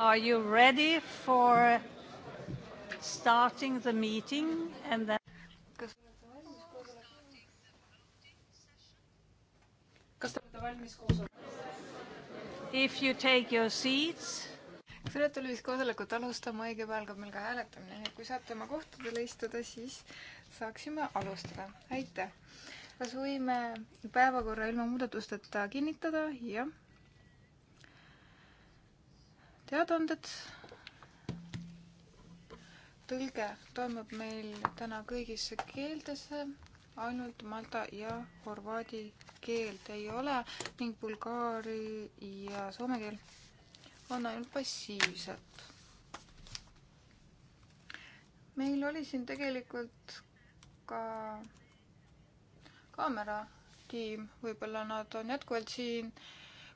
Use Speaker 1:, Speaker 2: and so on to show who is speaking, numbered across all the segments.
Speaker 1: Are you ready for starting the meeting and then kas kas te olete valmis koosolekut? If you take your seats. kas te olete valmis koosolekut
Speaker 2: alustama, õige pea algab meil ka hääletamine, nii et kui saate oma kohtadele istuda, siis saaksime alustada. aitäh. kas võime päevakorra ilma muudatusteta kinnitada? jah teadaanded. tõlge toimub meil täna kõigisse keeltesse, ainult malta ja horvaadi keelt ei ole ning bulgaari ja soome keel on ainult passiivselt. meil oli siin tegelikult ka kaameratiim, võib-olla nad on jätkuvalt siin äh,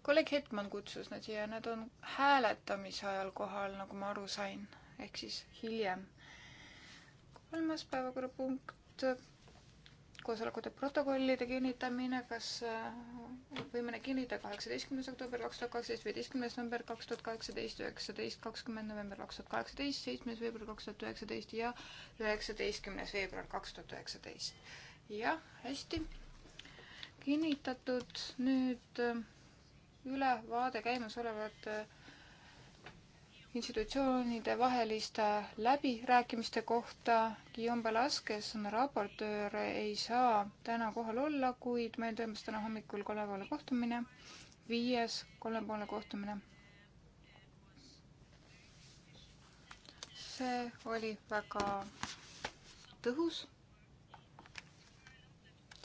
Speaker 2: kolleeg Hetman kutsus nad siia, nad on hääletamise ajal kohal, nagu ma aru sain, ehk siis hiljem. kolmas päevakorrapunkt, koosolekute protokollide kinnitamine, kas äh, võime kinnitada kaheksateistkümnes oktoober kaks tuhat kaheksateist, viieteistkümnes november kaks tuhat kaheksateist, üheksateist, kakskümmend november kaks tuhat kaheksateist, seitsmes veebruar kaks tuhat üheksateist ja üheksateistkümnes veebruar kaks tuhat üheksateist. jah, hästi kinnitatud. nüüd äh, ülevaade käimasolevate institutsioonide vaheliste läbirääkimiste kohta. Guillaume Balas, kes on raportöör, ei saa täna kohal olla, kuid meil toimus täna hommikul kolmepoolne kohtumine, viies kolmepoolne kohtumine see oli väga tõhus.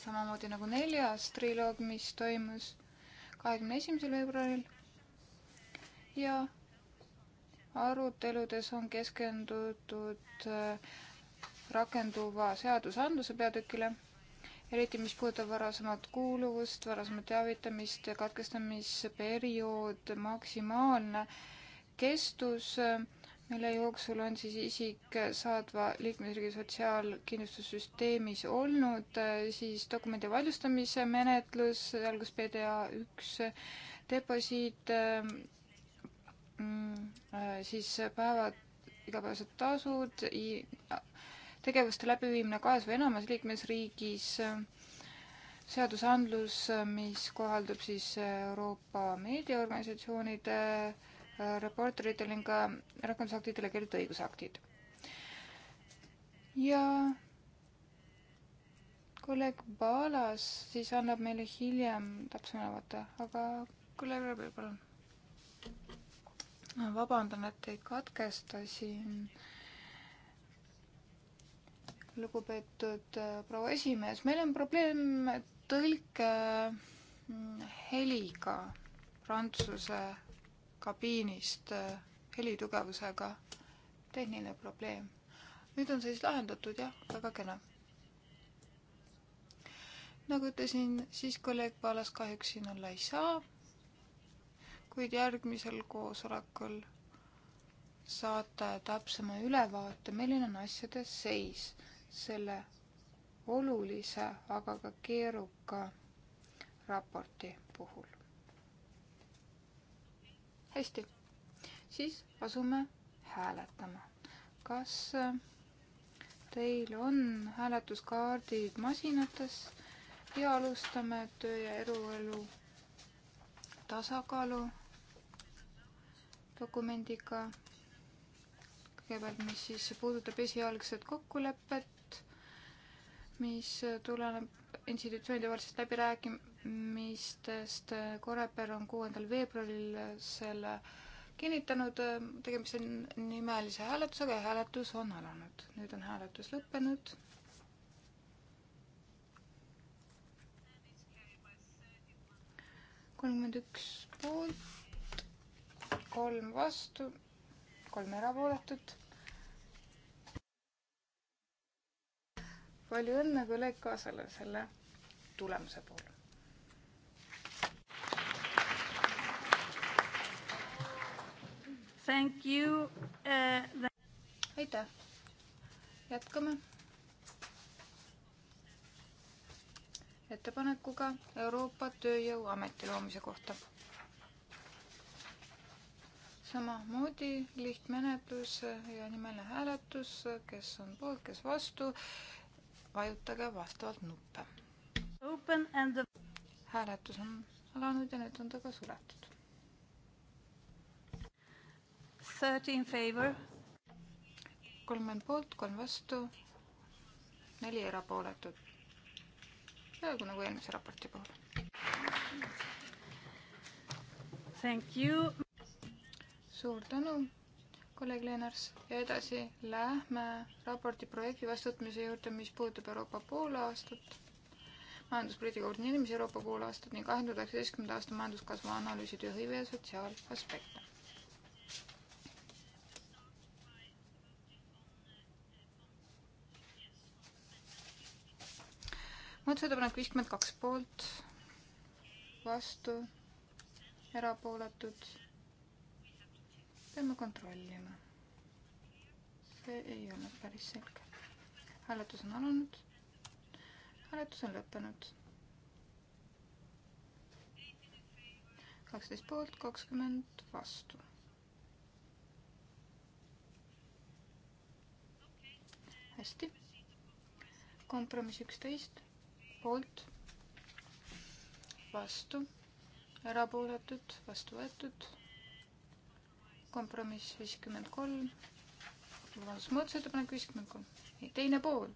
Speaker 2: samamoodi nagu neljas triloog, mis toimus kahekümne esimesel veebruaril ja aruteludes on keskendutud äh, rakenduva seadusandluse peatükile, eriti mis puudutab varasemat kuuluvust, varasemat teavitamist, katkestamisperiood, maksimaalne kestus äh, mille jooksul on siis isik saadva liikmesriigi sotsiaalkindlustussüsteemis olnud, äh, siis dokumendi valjustamise menetlus, algus PDA üks deposiit, ähm, mm, äh, siis päevad, igapäevased tasud, tegevuste läbiviimine kahes või enamas liikmesriigis, seadusandlus, mis kohaldub siis Euroopa meediaorganisatsioonide raportoritel ning ka rakendusaktid, delegeeritud õigusaktid. ja kolleeg Balas siis annab meile hiljem täpsema ülevaate, aga kolleeg Rebel, palun. vabandan, et teid katkestasin lugupeetud äh, proua esimees, meil on probleem tõlke mm, heliga prantsuse kabiinist äh, helitugevusega tehniline probleem. nüüd on see siis lahendatud, jah, väga kena. nagu ütlesin, siis kolleeg Paalas kahjuks siin olla ei saa, kuid järgmisel koosolekul saate täpsema ülevaate, milline on asjade seis selle olulise, aga ka keeruka raporti puhul hästi, siis asume hääletama. kas äh, teil on hääletuskaardid masinates ja alustame töö ja eluelu tasakaalu dokumendiga kõigepealt, mis siis puudutab esialgset kokkulepet, mis tuleneb institutsioonide vahelisest läbirääkim-, mistest Koreper on kuuendal veebruaril selle kinnitanud, tegemist on nimelise hääletusega ja hääletus on alanud. nüüd on hääletus lõppenud. kolmkümmend üks poolt, kolm vastu, kolm erapooletut. palju õnne kolleeg Kaasale selle tulemuse puhul. Thank you uh,. The... aitäh. jätkame. ettepanekuga Euroopa Tööjõuameti loomise kohta. samamoodi lihtmenetlus ja nimeline hääletus, kes on poolt, kes vastu, vajutage vastavalt nuppe. The... hääletus on alanud ja nüüd on ta ka suletud Thirty in favor. kolmkümmend poolt, kolm vastu, neli erapooletut. peaaegu nagu eelmise raporti puhul. Thank you. suur tänu, kolleeg Lennars ja edasi lähme raporti projekti vastuvõtmise juurde, mis puudutab Euroopa poolaastat majanduspoliitika koordineerimise Euroopa poolaastat ning kahe tuhande üheksateistkümnenda aasta majanduskasvu analüüsi tööhõive ja sotsiaalaspekte. muudatusettepanek viiskümmend kaks poolt, vastu, erapooletud. peame kontrollima. see ei olnud päris selge. hääletus on alanud. hääletus on lõppenud. kaksteist poolt, kakskümmend vastu. hästi. kompromiss üksteist poolt, vastu, erapooletud, vastu võetud. kompromiss viiskümmend kolm, vabandust, muudatusettepanek viiskümmend kolm, ei teine pool,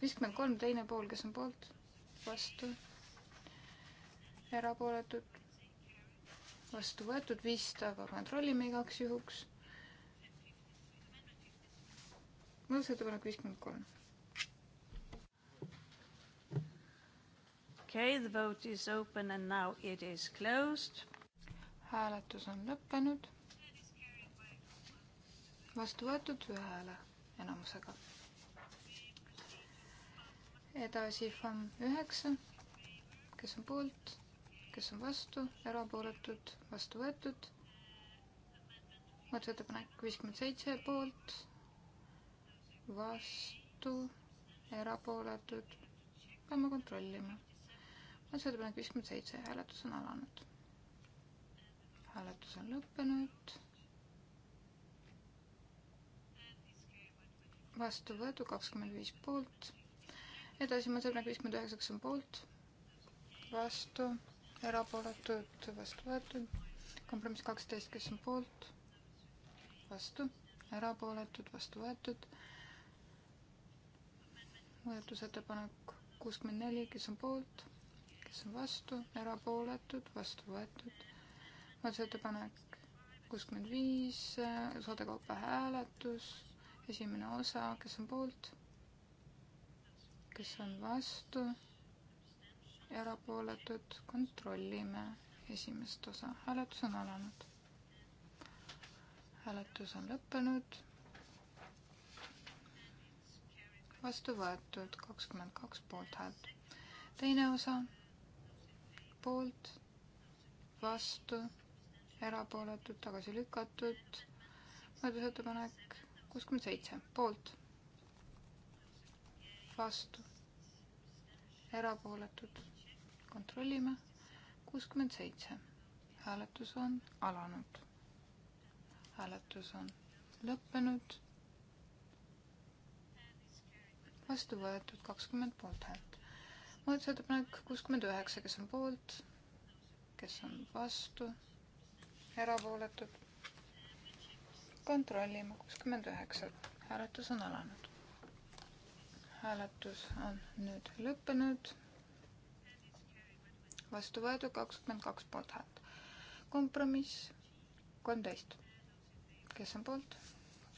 Speaker 2: viiskümmend kolm, teine pool, kes on poolt, vastu, erapooletud, vastu võetud, viissada, aga kontrollime igaks juhuks. muudatusettepanek viiskümmend kolm okei okay,, the vote is open and now it is closed. hääletus on lõppenud. vastu võetud ühe hääle enamusega. edasi FAM üheksa, kes on poolt, kes on vastu, erapooletud, vastu võetud. muudatusettepanek viiskümmend seitse poolt, vastu, erapooletud, peame kontrollima muudatusettepanek viiskümmend seitse, hääletus on alanud. hääletus on lõppenud. vastu võetud kakskümmend viis poolt. edasi muudatusettepanek viiskümmend üheksa, kes on poolt, vastu, erapooletud, vastu võetud. kompromiss kaksteist, kes on poolt, vastu erapooletud, vastu võetud. muudatusettepanek kuuskümmend neli, kes on poolt, kes on vastu, erapooletud, vastu võetud. muudatusettepanek kuuskümmend viis, osade kaupa hääletus, esimene osa, kes on poolt, kes on vastu, erapooletud, kontrollime esimest osa, hääletus on alanud. hääletus on lõppenud vastu võetud kakskümmend kaks poolthäält. teine osa poolt, vastu, erapooletud, tagasi lükatud. muudatusettepanek kuuskümmend seitse, poolt, vastu, erapooletud. kontrollime, kuuskümmend seitse. hääletus on alanud. hääletus on lõppenud. vastu võetud kakskümmend poolthäält muudatusettepanek kuuskümmend üheksa, kes on poolt, kes on vastu, erapooletud. kontrollime kuuskümmend üheksa, hääletus on alanud. hääletus on nüüd lõppenud. vastu võetud kakskümmend kaks poolthäält. kompromiss kolmteist, kes on poolt,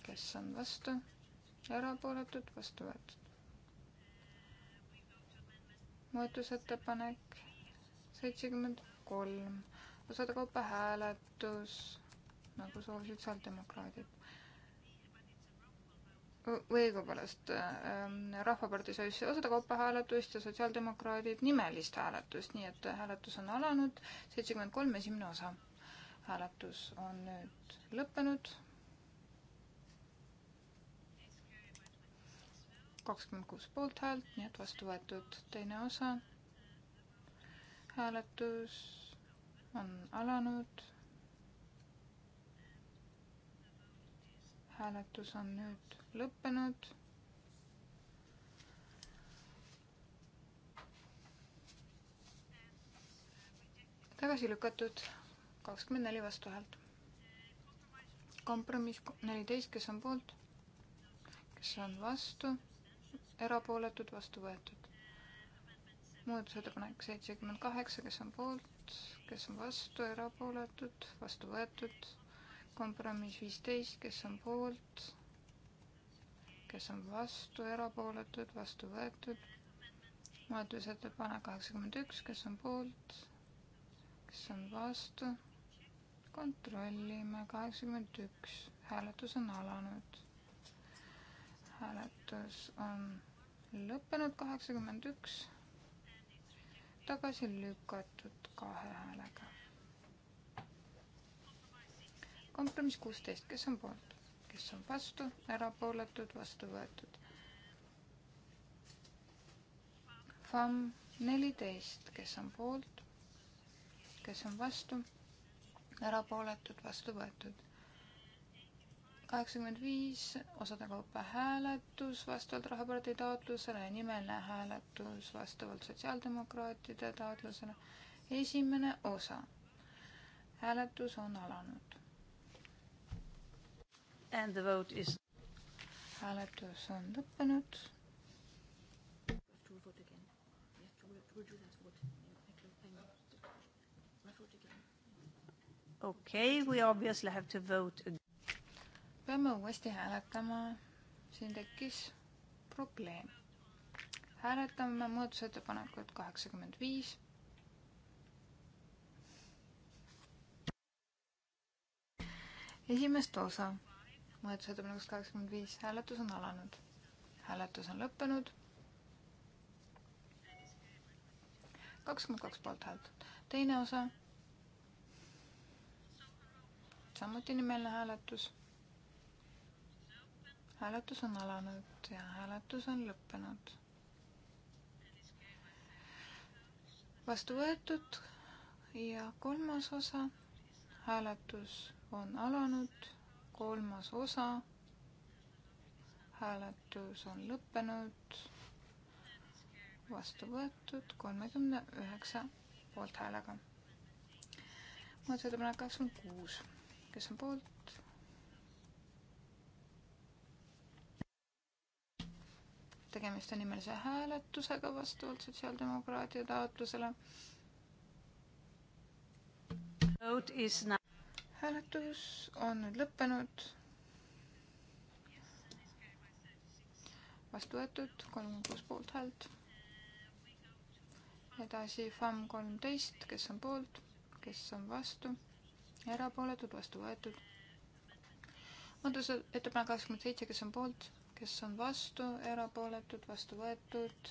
Speaker 2: kes on vastu, erapooletud, vastu võetud muudatusettepanek seitsekümmend kolm, osade kaupa hääletus, nagu soovisid sotsiaaldemokraadid. või õigupoolest ähm, Rahvapartei soovis osade kaupa hääletust ja sotsiaaldemokraadid nimelist hääletust, nii et hääletus on alanud, seitsekümmend kolm, esimene osa. hääletus on nüüd lõppenud kakskümmend kuus poolthäält, nii et vastu võetud teine osa. hääletus on alanud. hääletus on nüüd lõppenud. tagasi lükatud kakskümmend neli vastuhäält. kompromiss neliteist, kes on poolt, kes on vastu erapooletud, vastu võetud. muudatusettepanek seitsekümmend kaheksa, kes on poolt, kes on vastu, erapooletud, vastu võetud. kompromiss viisteist, kes on poolt, kes on vastu, erapooletud, vastu võetud. muudatusettepanek kaheksakümmend üks, kes on poolt, kes on vastu kontrollime, kaheksakümmend üks, hääletus on alanud hääletus on lõppenud kaheksakümmend üks, tagasi lükatud kahe häälega. kompromiss kuusteist, kes on poolt, kes on vastu, erapooletud, vastu võetud. FAM neliteist, kes on poolt, kes on vastu, erapooletud, vastu võetud kaheksakümmend viis osade kaupa hääletus vastavalt Rahvapartei taotlusele ja nimeline hääletus vastavalt sotsiaaldemokraatide taotlusele. esimene osa. hääletus on alanud. And
Speaker 1: the vote is.
Speaker 2: hääletus on lõppenud.
Speaker 1: okei okay,, we obviously have to vote again peame
Speaker 2: uuesti hääletama, siin tekkis probleem. hääletame muudatusettepanekut kaheksakümmend viis. esimest osa muudatusettepanekust kaheksakümmend viis, hääletus on alanud. hääletus on lõppenud. kakskümmend kaks poolthäält. teine osa. samuti nimeline hääletus hääletus on alanud ja hääletus on lõppenud. vastu võetud ja kolmas osa, hääletus on alanud, kolmas osa, hääletus on lõppenud, vastu võetud kolmekümne üheksa poolthäälega. muudatusettepanek kakskümmend kuus, kes on poolt? tegemist on nimelise hääletusega vastavalt sotsiaaldemokraatide taotlusele. hääletus on nüüd lõppenud. vastu võetud kolmkümmend kuus poolthäält. edasi FAM kolmteist, kes on poolt, kes on vastu, erapooletud, vastu võetud muudatusettepanek kakskümmend seitse, kes on poolt, kes on vastu, erapooletud, vastu võetud.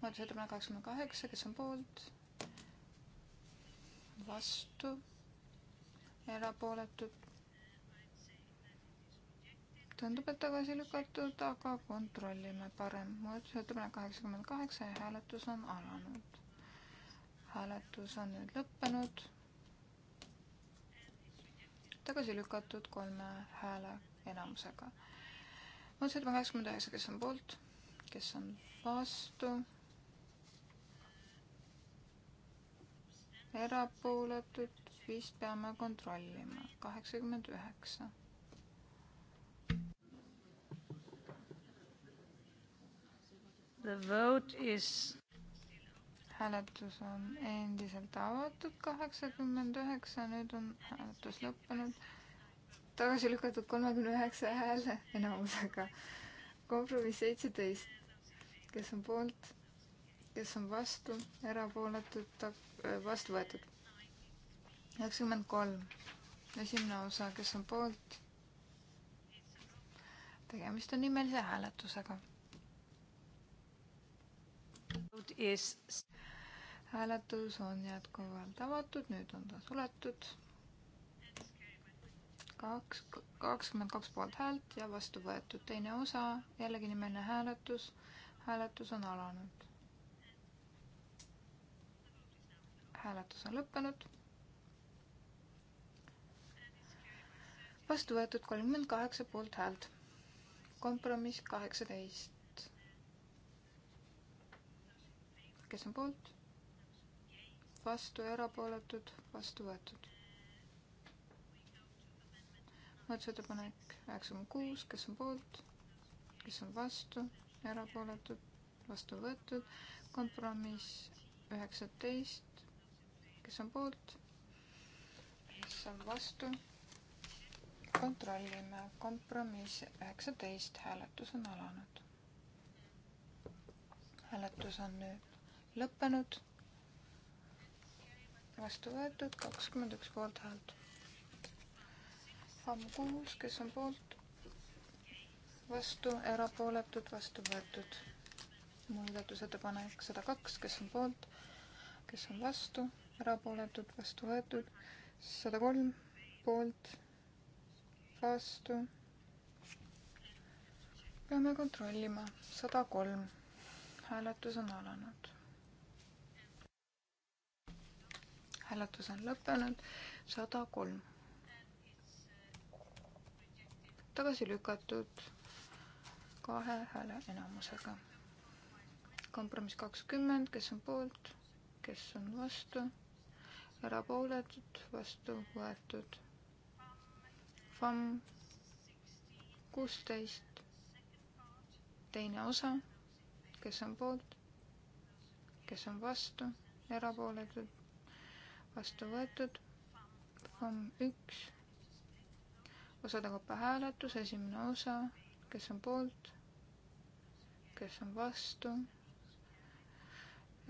Speaker 2: muudatusettepanek kakskümmend kaheksa, kes on poolt, vastu, erapooletud. tundub, et tagasi lükatud, aga kontrollime parem. muudatusettepanek kaheksakümmend kaheksa ja hääletus on alanud. hääletus on nüüd lõppenud. tagasi lükatud kolme hääle enamusega muudatusettepanek kaheksakümmend üheksa, kes on poolt, kes on vastu? erapooletud vist peame kontrollima, kaheksakümmend üheksa. The vote is hääletus on endiselt avatud, kaheksakümmend üheksa, nüüd on hääletus lõppenud tagasi lükatud kolmekümne üheksa hääle enamusega. kompromiss seitseteist, kes on poolt, kes on vastu, erapooletud, äh, vastu võetud. üheksakümmend kolm, esimene osa, kes on poolt. tegemist on nimelise hääletusega. hääletus on jätkuvalt avatud, nüüd on ta suletud kaks, kakskümmend kaks poolt häält ja vastu võetud. teine osa, jällegi nimeline hääletus. hääletus on alanud. hääletus on lõppenud. vastu võetud kolmkümmend kaheksa poolt häält. kompromiss kaheksateist. kes on poolt? vastu, erapooletud, vastu võetud muudatusettepanek üheksakümmend kuus, kes on poolt, kes on vastu, erapooletud, vastu võetud, kompromiss üheksateist, kes on poolt, kes on vastu, kontrollime, kompromiss üheksateist, hääletus on alanud. hääletus on nüüd lõppenud, vastu võetud kakskümmend üks poolthäält FAM kuus, kes on poolt, vastu, erapooletud, vastu võetud. muudatusettepanek sada kaks, kes on poolt, kes on vastu, erapooletud, vastu võetud. sada kolm poolt, vastu. peame kontrollima, sada kolm. hääletus on alanud hääletus on lõppenud sada kolm. tagasi lükatud kahe hääle enamusega. kompromiss kakskümmend, kes on poolt, kes on vastu, erapooletud, vastu võetud. FAM kuusteist, teine osa, kes on poolt, kes on vastu, erapooletud, vastu võetud. FAM üks osade kaupa hääletus, esimene osa, kes on poolt, kes on vastu,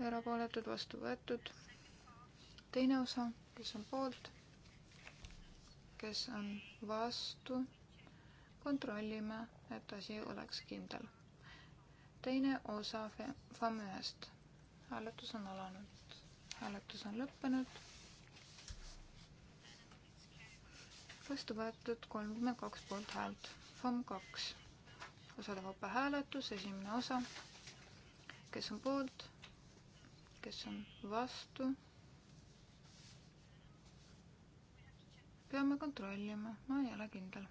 Speaker 2: erapooletud, vastu võetud. teine osa, kes on poolt, kes on vastu, kontrollime, et asi oleks kindel. teine osa FAM ühest, hääletus on alanud, hääletus on lõppenud vastu võetud kolmkümmend kaks poolthäält. FAM kaks, osade vaba hääletus, esimene osa. kes on poolt, kes on vastu? peame kontrollima, ma ei ole kindel.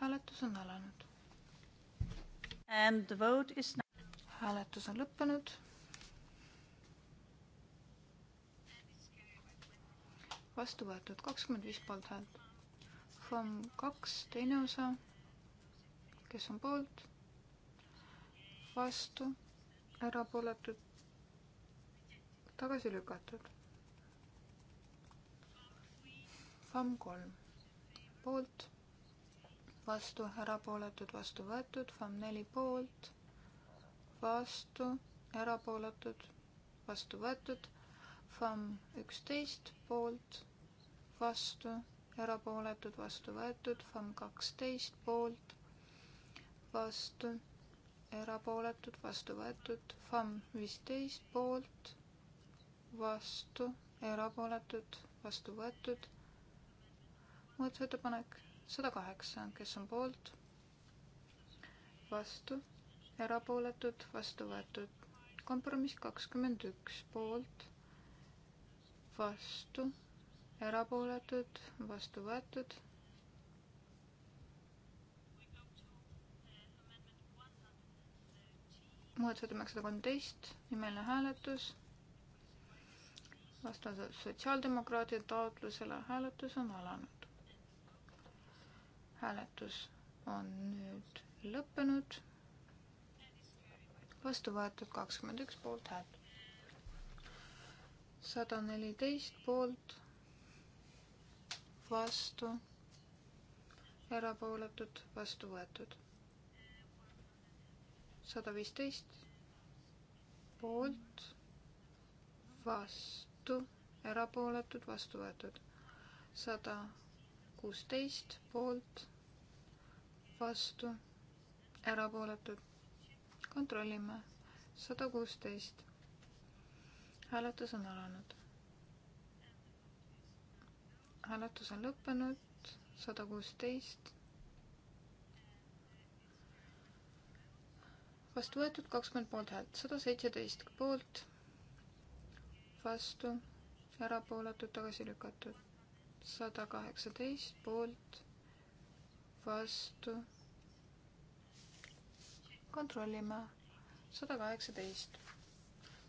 Speaker 2: hääletus on alanud. And the vote is now. hääletus on lõppenud. vastu võetud kakskümmend viis poolthäält FAM kaks, teine osa, kes on poolt, vastu, erapooletud, tagasi lükatud. FAM kolm, poolt, vastu, erapooletud, vastu võetud, FAM neli poolt, vastu, erapooletud, vastu võetud, FAM üksteist poolt, vastu erapooletud, vastu võetud, FAM kaksteist poolt, vastu, erapooletud, vastu võetud, FAM viisteist poolt, vastu, erapooletud, vastu võetud. muudatusettepanek sada kaheksa, kes on poolt, vastu, erapooletud, vastu võetud. kompromiss kakskümmend üks poolt, vastu erapooletud, vastu võetud. muudatusettepanek sada kolmteist, nimeline hääletus. vastavalt sotsiaaldemokraatide taotlusele hääletus on alanud. hääletus on nüüd lõppenud. vastu võetud kakskümmend üks poolthäält. sada neliteist poolt häält vastu, erapooletud, vastu võetud. sada viisteist poolt, vastu, erapooletud, vastu võetud. sada kuusteist poolt, vastu, erapooletud. kontrollime. sada kuusteist. hääletus on alanud hääletus on lõppenud, sada kuusteist. vastu võetud kakskümmend poolthäält, sada seitseteist poolt, vastu, erapooletud, tagasi lükatud, sada kaheksateist poolt, vastu. kontrollime, sada kaheksateist.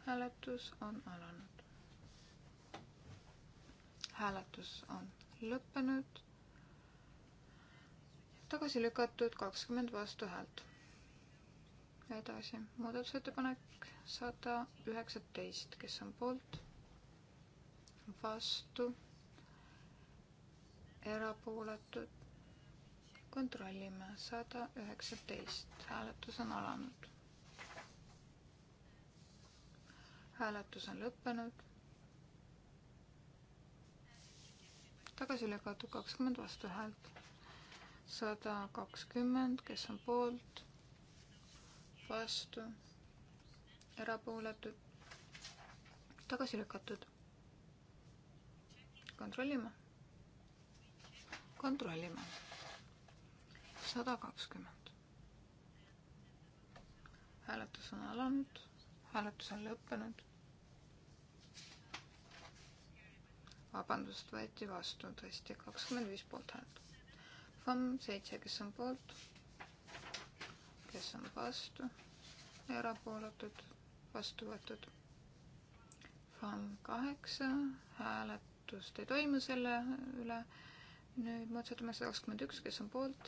Speaker 2: hääletus on alanud hääletus on lõppenud. tagasi lükatud kakskümmend vastuhäält. edasi muudatusettepanek sada üheksateist, kes on poolt, vastu, erapooletud, kontrollime, sada üheksateist, hääletus on alanud. hääletus on lõppenud tagasi lükatud, kakskümmend vastuhäält. sada kakskümmend, kes on poolt, vastu, erapooletud, tagasi lükatud. kontrollime. kontrollime. sada kakskümmend. hääletus on alanud, hääletus on lõppenud vabandust, võeti vastu tõesti kakskümmend viis poolthäält. FAM seitse, kes on poolt, kes on vastu, erapooletud, vastu võetud. FAM kaheksa, hääletust ei toimu selle üle. nüüd muudatusettepanek sada kakskümmend üks, kes on poolt,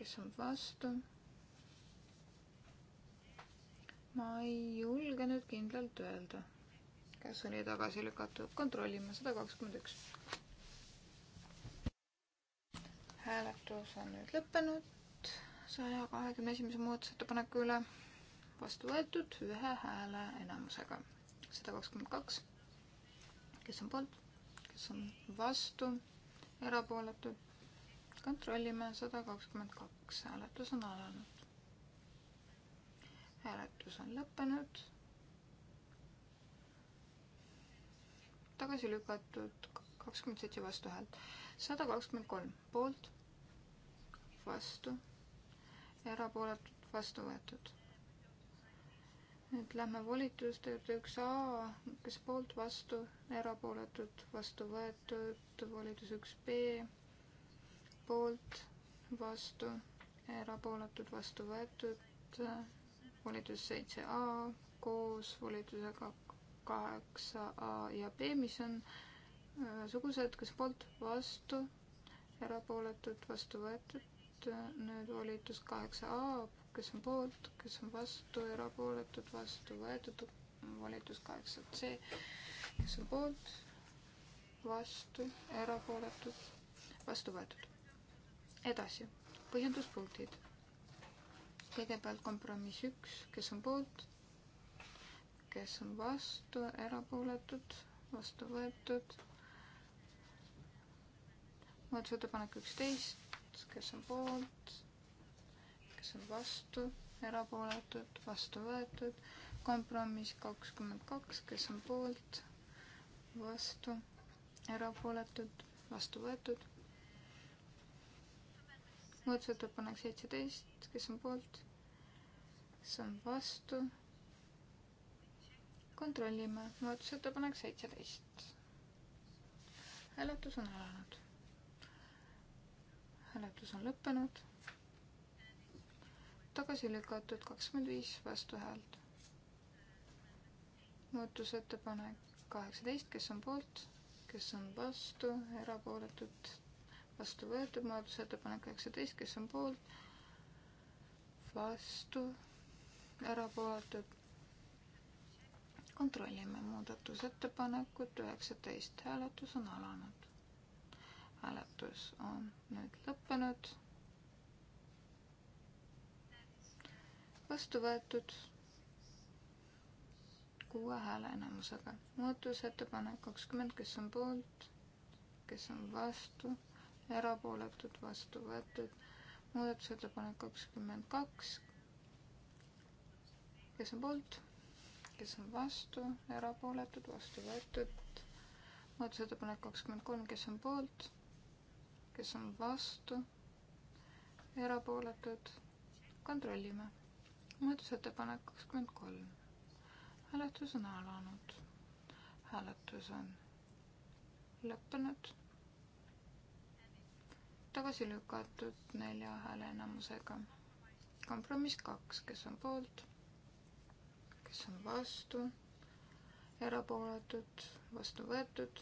Speaker 2: kes on vastu. ma ei julge nüüd kindlalt öelda kes oli tagasi lükatud, kontrollime, sada kakskümmend üks. hääletus on nüüd lõppenud saja kahekümne esimese muudatusettepaneku üle, vastu võetud ühe hääle enamusega, sada kakskümmend kaks. kes on poolt, kes on vastu, erapooletud, kontrollime, sada kakskümmend kaks, hääletus on alanud. hääletus on lõppenud tagasi lükatud, kakskümmend seitse vastuhäält. sada kakskümmend kolm poolt, vastu, erapooletult vastu võetud. nüüd lähme volituste juurde, üks A, kes poolt, vastu, erapooletult vastu võetud, volitus üks B, poolt, vastu, erapooletult vastu võetud, volitus seitse A koos volitusega kaheksa A ja B, mis on ühesugused, äh, kes poolt, vastu, erapooletud, vastu võetud, nüüd volitus kaheksa A, kes on poolt, kes on vastu, erapooletud, vastu võetud, volitus kaheksa C, kes on poolt, vastu, erapooletud, vastu võetud. edasi, põhjenduspunktid. kõigepealt kompromiss üks, kes on poolt kes on vastu, erapooletud, vastu võetud. muudatusettepanek üksteist, kes on poolt, kes on vastu, erapooletud, vastu võetud. kompromiss kakskümmend kaks, kes on poolt, vastu, erapooletud, vastu võetud. muudatusettepanek seitseteist, kes on poolt, kes on vastu kontrollime, muudatusettepanek seitseteist. hääletus on alanud. hääletus on lõppenud. tagasi lükatud kakskümmend viis vastuhäält. muudatusettepanek kaheksateist, kes on poolt, kes on vastu, erapooletud, vastu võetud, muudatusettepanek üheksateist, kes on poolt, vastu, erapooletud, kontrollime muudatusettepanekut üheksateist, hääletus on alanud. hääletus on nüüd lõppenud. vastu võetud kuue hääle enamusega. muudatusettepanek kakskümmend, kes on poolt, kes on vastu, erapooletud, vastu võetud. muudatusettepanek kakskümmend kaks, kes on poolt kes on vastu, erapooletud, vastu võetud. muudatusettepanek kakskümmend kolm, kes on poolt, kes on vastu, erapooletud, kontrollime. muudatusettepanek kakskümmend kolm. hääletus on alanud. hääletus on lõppenud. tagasi lükatud nelja hääle enamusega. kompromiss kaks, kes on poolt kes on vastu, erapooletud, vastu võetud.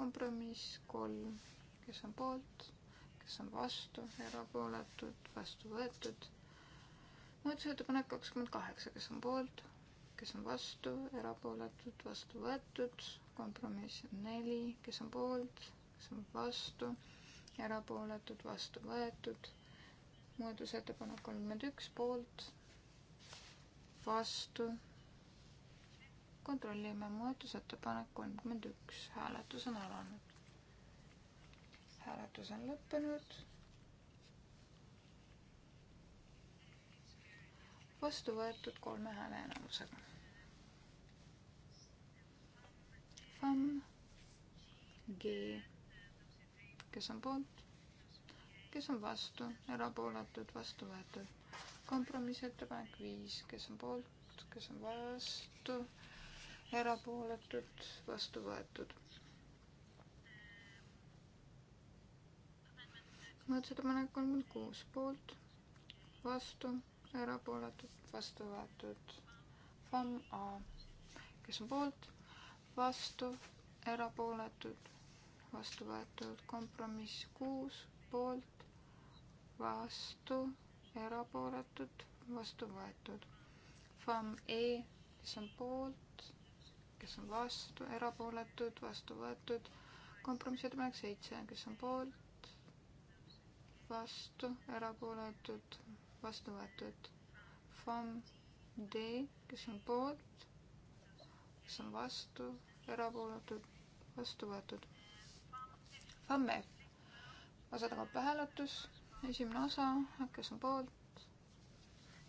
Speaker 2: kompromiss kolm, kes on poolt, kes on vastu, erapooletud, vastu võetud. muudatusettepanek kakskümmend kaheksa, kes on poolt, kes on vastu, erapooletud, vastu võetud. kompromiss neli, kes on poolt, kes on vastu, erapooletud, vastu võetud muudatusettepanek kolmkümmend üks poolt, vastu. kontrollime muudatusettepanek kolmkümmend üks, hääletus on alanud. hääletus on lõppenud. vastu võetud kolme hääle enamusega. FAM G, kes on poolt, kes on vastu, erapooletud, vastu võetud kompromissettepanek viis, kes on poolt, kes on vastu, erapooletud, vastu võetud. muudatusettepanek kolmkümmend kuus poolt, vastu, erapooletud, vastu võetud. FAM A, kes on poolt, vastu, erapooletud, vastu võetud, kompromiss kuus poolt, vastu erapooletud, vastu võetud. FAM E, kes on poolt, kes on vastu, erapooletud, vastu võetud. kompromissettepanek seitse, kes on poolt, vastu, erapooletud, vastu võetud. FAM D, kes on poolt, kes on vastu, erapooletud, vastu võetud. FAM F, osadega hääletus esimene osa, kes on poolt,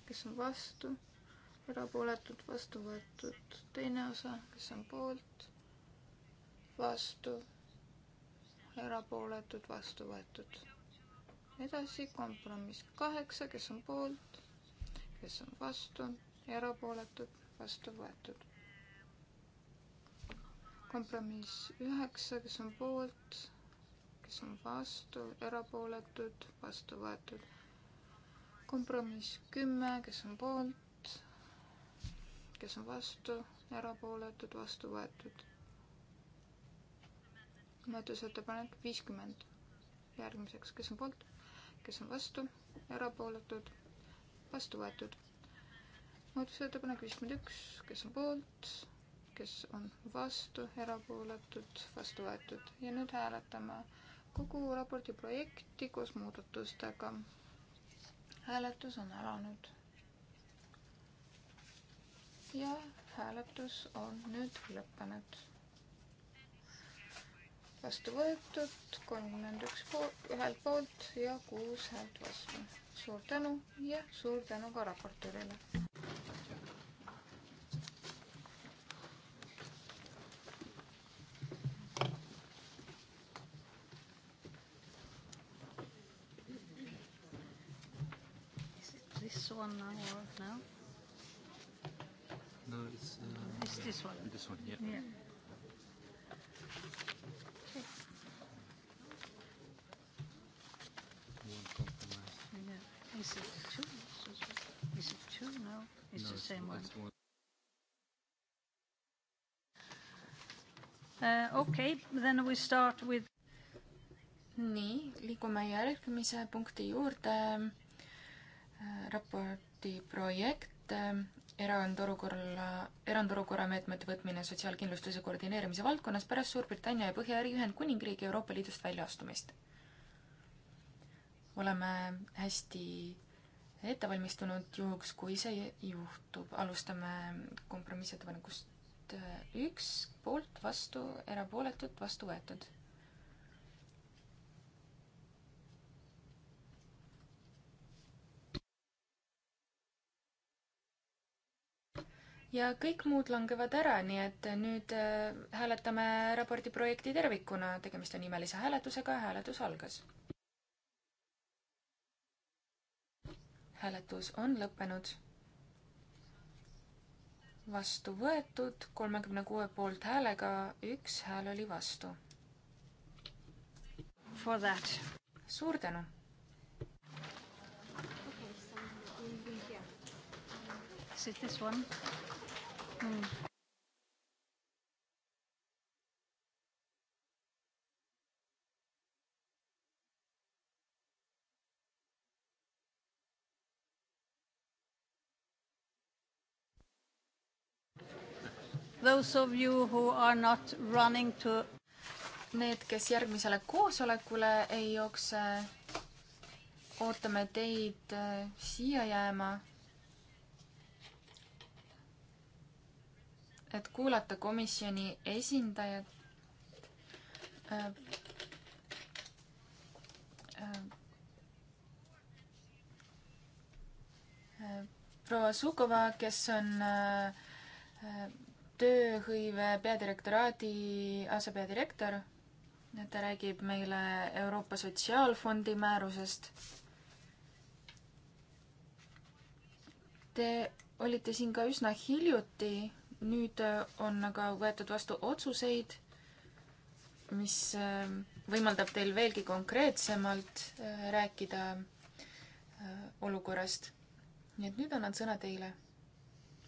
Speaker 2: kes on vastu, erapooletud, vastu võetud. teine osa, kes on poolt, vastu, erapooletud, vastu võetud. edasi kompromiss kaheksa, kes on poolt, kes on vastu, erapooletud, vastu võetud kompromiss üheksa, kes on poolt, kes on vastu, erapooletud, vastu võetud. kompromiss kümme, kes on poolt, kes on vastu, erapooletud, vastu võetud. muudatusettepanek viiskümmend. järgmiseks, kes on poolt, kes on vastu, erapooletud, vastu võetud. muudatusettepanek viiskümmend üks, kes on poolt kes on vastu, erapooletud, vastu võetud ja nüüd hääletame kogu raporti projekti koos muudatustega. hääletus on alanud. ja hääletus on nüüd lõppenud. vastu võetud kolmkümmend üks poolt, ühelt poolt ja kuus häält vastu. suur tänu ja suur tänu ka raportöörile.
Speaker 3: It's, uh, it's this one. This one, yeah. yeah.
Speaker 2: One compromise. No. Is it two? Is it two? No, it's no, the it's, same it's one.
Speaker 1: one. Uh, okay, then we start with nii, liigume
Speaker 3: järgmise punkti juurde. Äh, raporti projekt äh, erandolukorra, erandolukorra meetmete võtmine sotsiaalkindlustuse koordineerimise valdkonnas pärast Suurbritannia ja Põhja-Iiri Ühendkuningriigi Euroopa Liidust väljaastumist. oleme hästi ettevalmistunud juhuks, kui see juhtub. alustame kompromissettepanekust äh, üks, poolt, vastu, erapooletud, vastu võetud ja kõik muud langevad ära, nii et nüüd äh, hääletame raporti projekti tervikuna. tegemist on nimelise hääletusega, hääletus algas. hääletus on lõppenud. vastu võetud kolmekümne kuue poolthäälega, üks hääl oli vastu. For that. suur tänu
Speaker 1: Okay, so we'll Is it this one? Those of you who are not
Speaker 3: running to Need, kes järgmisele koosolekule ei jookse, ootame teid äh, siia jääma et kuulata komisjoni esindajat äh, äh,. Äh, proua Sukova, kes on äh, äh, tööhõive peadirektoraadi asepeadirektor, ta räägib meile Euroopa Sotsiaalfondi määrusest. Te olite siin ka üsna hiljuti nüüd äh, on aga võetud vastu otsuseid, mis äh, võimaldab teil veelgi konkreetsemalt äh, rääkida olukorrast. nii et nüüd annan sõna teile.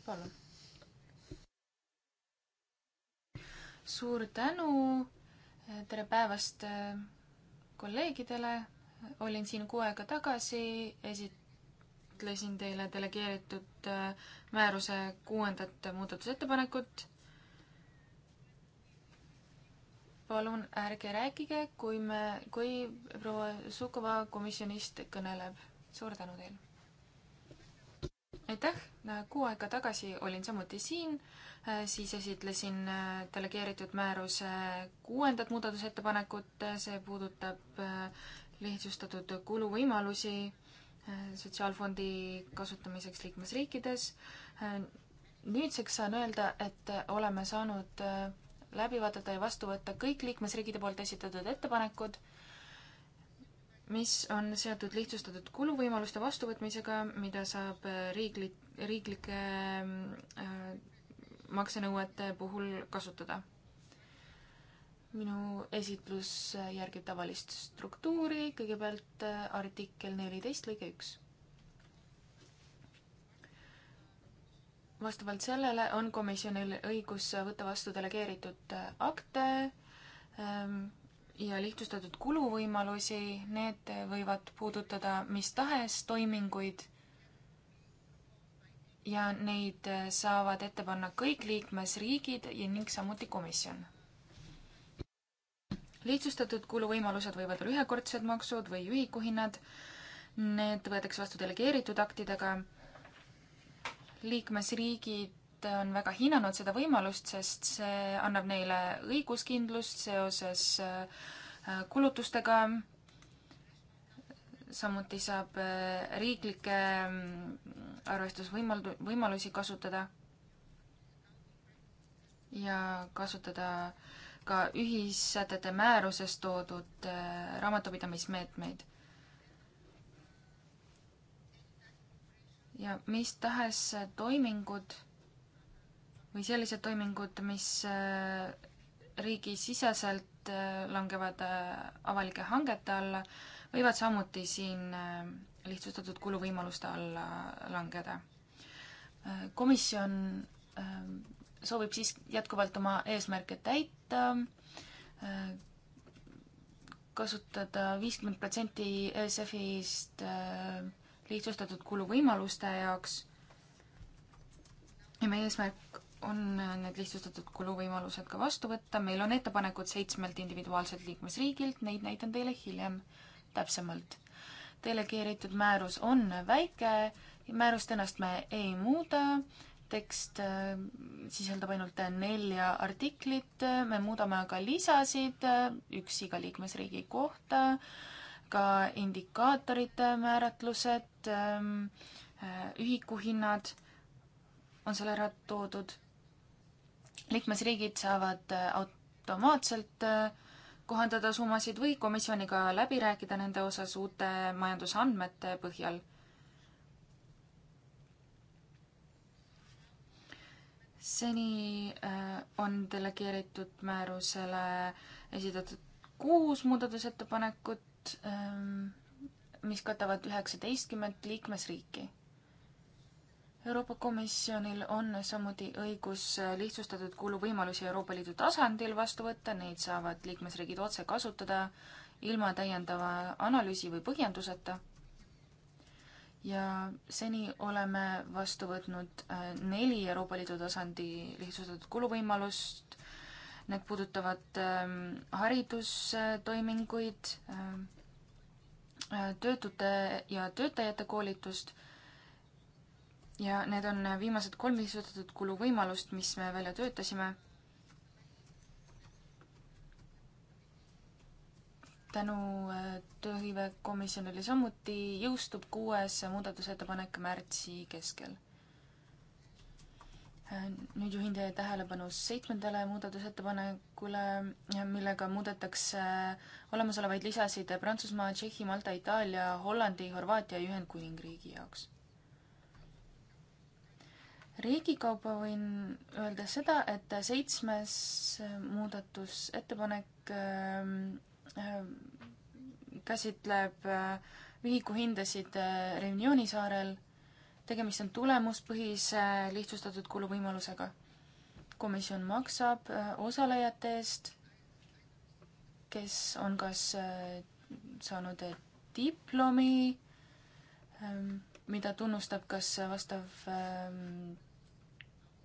Speaker 3: palun. suur tänu. tere päevast kolleegidele. olin siin kuu aega tagasi, esit-, esitlesin teile delegeeritud äh, määruse kuuendat muudatusettepanekut. palun ärge rääkige, kui me, kui proua Sukova komisjonist kõneleb. suur tänu teile! aitäh, äh, kuu aega tagasi olin samuti siin, äh, siis esitlesin delegeeritud määruse kuuendat muudatusettepanekut, see puudutab lihtsustatud kuluvõimalusi Äh, sotsiaalfondi kasutamiseks liikmesriikides. Äh, nüüdseks saan öelda, et äh, oleme saanud läbi vaadata ja vastu võtta kõik liikmesriigide poolt esitatud ettepanekud, mis on seotud lihtsustatud kuluvõimaluste vastuvõtmisega, mida saab riiklik, riiklike maksenõuete puhul kasutada minu esitlus järgib tavalist struktuuri, kõigepealt äh, artikkel neliteist lõige üks. vastavalt sellele on komisjonil õigus võtta vastu delegeeritud äh, akte ähm, ja lihtsustatud kuluvõimalusi, need võivad puudutada mis tahes toiminguid ja neid äh, saavad ette panna kõik liikmesriigid ja ning samuti komisjon lihtsustatud kuluvõimalused võivad olla ühekordsed maksud või ühikuhinnad. Need võetakse vastu delegeeritud aktidega. liikmesriigid on väga hinnanud seda võimalust, sest see annab neile õiguskindlust seoses äh, kulutustega. samuti saab äh, riiklikke mm, arvestusvõimal-, võimalusi kasutada ja kasutada äh, ka ühissätete määruses toodud äh, raamatupidamismeetmeid. ja mis tahes toimingud või sellised toimingud, mis äh, riigisiseselt äh, langevad avalike hangete alla, võivad samuti siin lihtsustatud kuluvõimaluste alla langeda. komisjon Ähm, soovib siis jätkuvalt oma eesmärke täita, äh, kasutada viiskümmend protsenti ESF-ist äh, lihtsustatud kuluvõimaluste jaoks. ja meie eesmärk on need lihtsustatud kuluvõimalused ka vastu võtta, meil on ettepanekud seitsmelt individuaalselt liikmesriigilt, neid näitan teile hiljem täpsemalt. delegeeritud määrus on väike, määrust ennast me ei muuda, tekst äh, sisaldab ainult nelja artiklit, me muudame aga lisasid, äh, üks iga liikmesriigi kohta, ka indikaatorite määratlused, ähm, äh, ühikuhinnad on seal ära toodud. liikmesriigid saavad automaatselt kohandada summasid või komisjoniga läbi rääkida nende osas uute majandusandmete põhjal seni äh, on delegeeritud määrusele esitatud kuus muudatusettepanekut, ähm, mis katavad üheksateistkümmet liikmesriiki. Euroopa Komisjonil on samuti õigus lihtsustatud kuluvõimalusi Euroopa Liidu tasandil vastu võtta, neid saavad liikmesriigid otse kasutada ilma täiendava analüüsi või põhjenduseta ja seni oleme vastu võtnud äh, neli Euroopa Liidu tasandi lihtsustatud kuluvõimalust. Need puudutavad ähm, haridustoiminguid, ähm, äh, töötute ja töötajate koolitust ja need on viimased kolm lihtsustatud kuluvõimalust, mis me välja töötasime tänu äh, tööhõivekomisjonile samuti jõustub kuues muudatusettepanek märtsi keskel. Äh, nüüd juhin teie tähelepanu seitsmendale muudatusettepanekule, äh, millega muudetakse olemasolevaid lisasid Prantsusmaa, Tšehhi, Malta, Itaalia, Hollandi, Horvaatia ja Ühendkuningriigi jaoks. riigikaupa võin öelda seda, et seitsmes muudatusettepanek ähm, käsitleb ühikuhindasid Reunioni saarel. tegemist on tulemuspõhise lihtsustatud kuluvõimalusega. komisjon maksab osalejate eest, kes on kas saanud diplomi, mida tunnustab kas vastav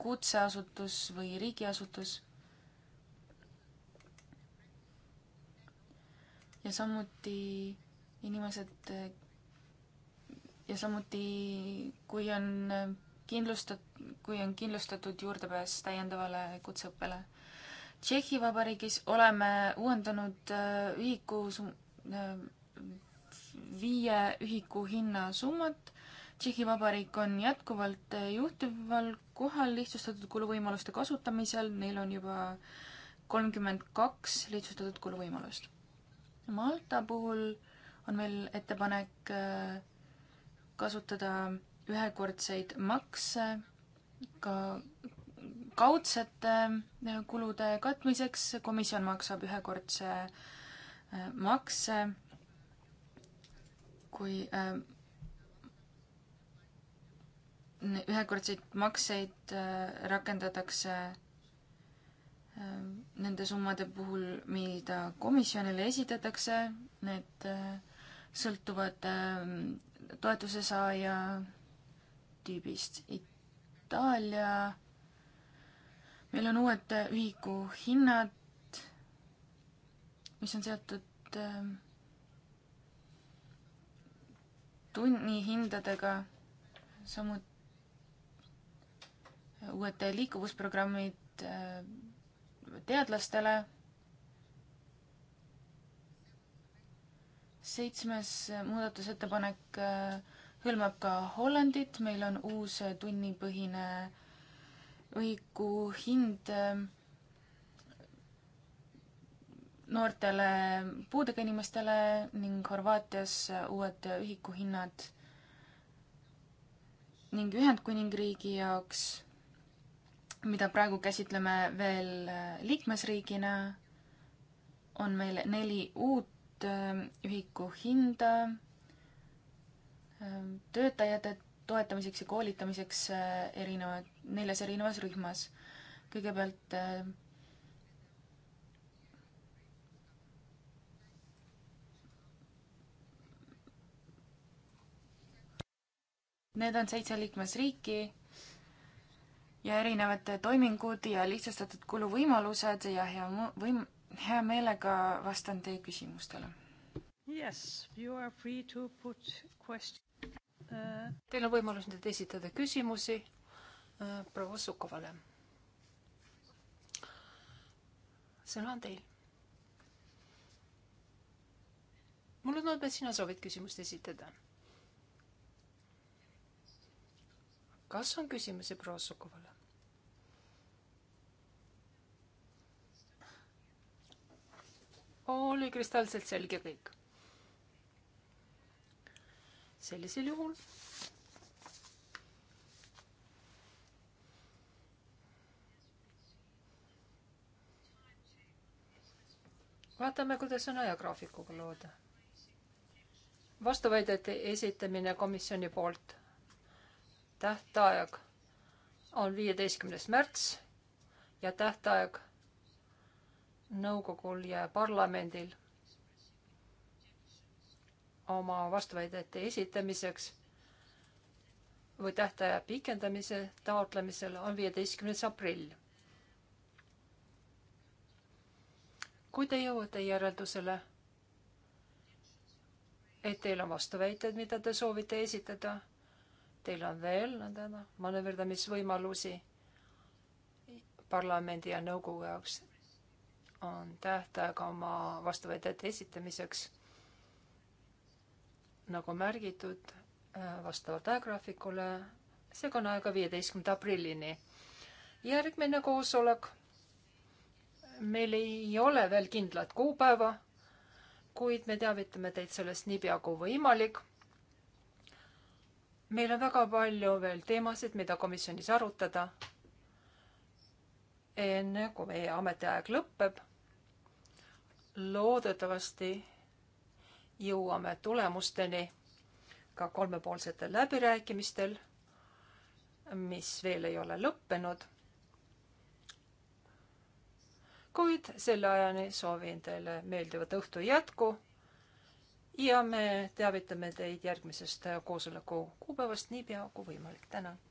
Speaker 3: kutseasutus või riigiasutus ja samuti inimesed ja samuti, kui on kindlustat-, kui on kindlustatud juurdepääs täiendavale kutseõppele. Tšehhi Vabariigis oleme uuendanud äh, ühiku äh, viie ühiku hinna summat. Tšehhi Vabariik on jätkuvalt äh, juhtival kohal lihtsustatud kuluvõimaluste kasutamisel, neil on juba kolmkümmend kaks lihtsustatud kuluvõimalust Malta puhul on meil ettepanek äh, kasutada ühekordseid makse ka kaudsete äh, kulude katmiseks. komisjon maksab ühekordse äh, makse, kui ühekordseid makseid rakendatakse nende summade puhul, mida komisjonile esitatakse, need äh, sõltuvad äh, toetuse saaja tüübist. Itaalia, meil on uued äh, ühiku hinnad, mis on seotud tunnihindadega, samuti uued liikuvusprogrammid teadlastele. seitsmes muudatusettepanek äh, hõlmab ka Hollandit, meil on uus tunnipõhine ühiku hind äh, noortele puudega inimestele ning Horvaatias uued ühikuhinnad ning Ühendkuningriigi jaoks mida praegu käsitleme veel äh, liikmesriigina, on meil neli uut äh, ühiku hinda äh, töötajate toetamiseks ja koolitamiseks erineva, neljas erinevas rühmas. kõigepealt Need on seitse liikmesriiki ja erinevad toimingud ja lihtsustatud kuluvõimalused ja hea võim-, hea meelega vastan teie küsimustele.
Speaker 1: Yes, you are free to put question uh.... Teil on võimalus nüüd esitada küsimusi uh, proua Sukovale. sõna on teil. mulle tundub, et sina soovid küsimust esitada Kas on kysymyksiä Prosukovalle? Oli kristalliselt selge kõik. Sellisel juhul vaatame, kuidas on ajagraafikuga lood. vastuväidete esitamine komisjoni poolt tähtaeg on viieteistkümnes märts ja tähtaeg nõukogul ja parlamendil oma vastuväidete esitamiseks või tähtaja pikendamise taotlemisel on viieteistkümnes aprill. kui te jõuate järeldusele, et teil on vastuväited, mida te soovite esitada Teil on veel nõnda manööverdamisvõimalusi parlamendi ja nõukogu jaoks on tähtaeg oma vastuvõtjate esitamiseks nagu märgitud äh, vastavalt ajagraafikule, seega on aega viieteistkümnenda aprillini. järgmine koosolek. meil ei ole veel kindlat kuupäeva, kuid me teavitame teid sellest niipea kui võimalik meil on väga palju veel teemasid, mida komisjonis arutada. enne kui meie ametiaeg lõpeb, loodetavasti jõuame tulemusteni ka kolmepoolsetel läbirääkimistel, mis veel ei ole lõppenud. kuid selle ajani soovin teile meeldivat õhtu jätku ja me teavitame teid järgmisest koosoleku kuupäevast niipea kui võimalik. tänan!